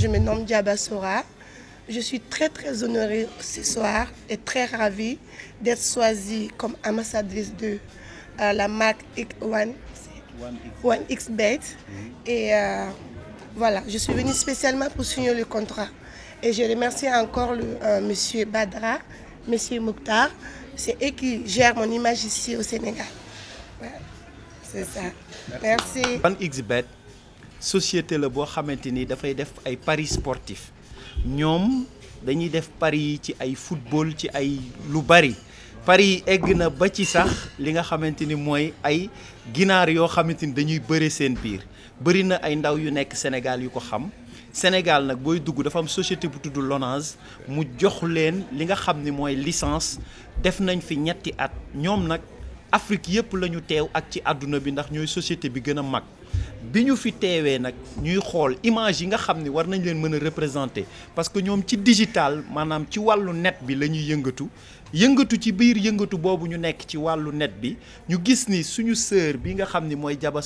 je me nomme Diaba Sora. Je suis très très honorée ce soir et très ravie d'être choisie comme ambassadrice de euh, la marque One, One XBet. Mm mm-hmm. Et euh, voilà, je suis venue spécialement pour signer le contrat. Et je remercie encore le, euh, Badra, monsieur Mouktar. C'est eux qui gèrent mon image ici au Sénégal. C'est ça. société la boo xamante ni dafay def ay paris sportif ñoom dañuy def paris yi ci ay football ci ay lu bari paris yi egg na ba ci sax li nga xamante ni mooy ay ginaar yoo xamante ni dañuy bëre seen biir bëri na ay ndaw yu nekk Sénégal yu ko xam Sénégal nag booy dugg dafa am société bu tudd Lonase mu jox leen li nga xam ni mooy licence def nañ fi ñetti at ñoom nag Afrique yëpp la ñu teew ak ci àdduna bi ndax ñooy société bi gën a mag bi ñu fi teewee nag ñuy xool image yi nga xam ni war nañ leen mën a représenter parce que ñoom ci digital maanaam ci wàllu net bi la ñuy yëngatu yëngatu ci biir yëngatu boobu ñu nekk ci wàllu net bi ñu gis ni suñu sœur bi nga xam ni mooy Jaba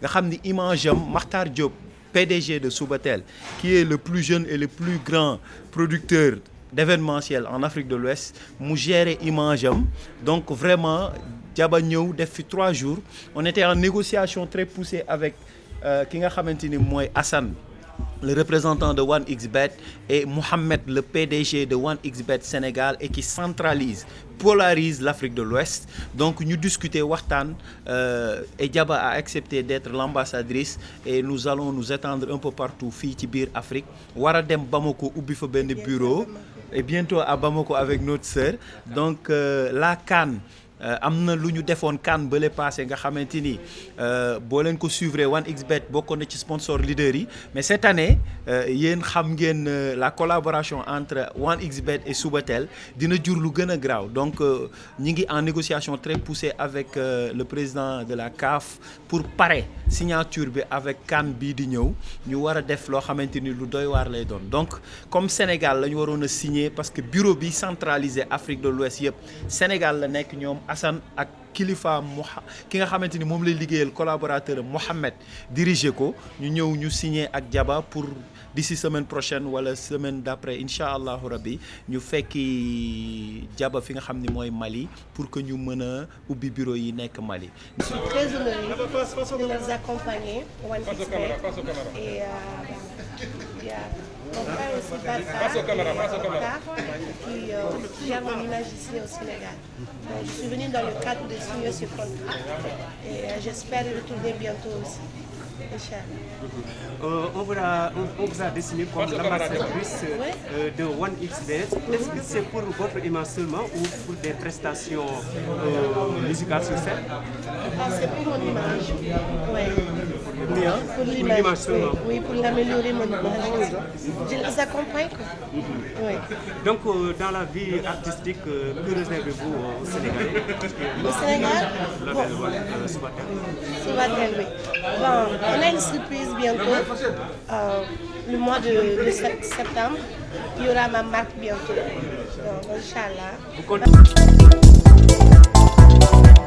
nga xam ni image am Makhtar Diop PDG de Subatel qui est le plus jeune et le plus grand producteur d'événementiel en Afrique de l'Ouest mu gérer image donc vraiment jaba ñëw def fi trois jours on était en négociation très poussée avec euh, ki nga xamante ni mooy Assane le représentant de 1xBet et Mohamed le PDG de 1xBet Sénégal et qui centralise polarise l'Afrique de l'Ouest donc ñu discuter waxtaan euh, et Diaba à accepté d'être l'ambassadrice et nous allons nous étendre un peu partout fii ci biir Afrique war a dem ko ubbi fa benn bureau et bientôt à Bamako avec notre sœur. Donc, euh, la Cannes. Euh, am na lu ñu defoon kan bële passé nga xamante ni euh, boo leen ko suivre 1xBet bokkoon na ci sponsor leader yi mais cette année euh, yéen xam ngeen la collaboration entre 1xBet et Subatel dina jur lu gën a graaw donc ñi ngi en négociation très poussée avec le président de la CAF pour pare signature bi avec kan bii di ñëw ñu war a def loo xamante ni lu doy waar lay doon donc comme Sénégal la ñu waroon a signer parce que bureau bi centralisé Afrique de l'Ouest yëpp Sénégal la nekk ñoom. assan ak kilifa Mouha ki nga xamante ni moom lay liggéeyal collaborateur Mohamed dirigé ko ñu ñëw ñu signé ak Jaba pour si semaine prochaine wala semaine d'après incha allahu rabbi ñu fekki Jaba fi nga xam ni mooy Mali pour que ñu mën a ubbi bureau yi nekk Mali. je suis très honorée de les accompagner. One Six et euh, qui euh, gère mon image Sénégal. je suis dans le cadre de signer ce et euh, j'espère le bientôt aussi. Euh, on, vous a, on, on vous a dessiné comme l'ambassadrice euh, de One X Est-ce que c'est pour votre image seulement ou pour des prestations euh, musicales sur scène ah, C'est pour mon image. l'image pour l'améliorer, mon image. Je les accompagne. Euh, dans la vie artistique, euh, que réservez-vous au Au Sénégal euh, bon. on a une surprise bientôt. le mois de, de, septembre, y aura ma bientôt. Donc,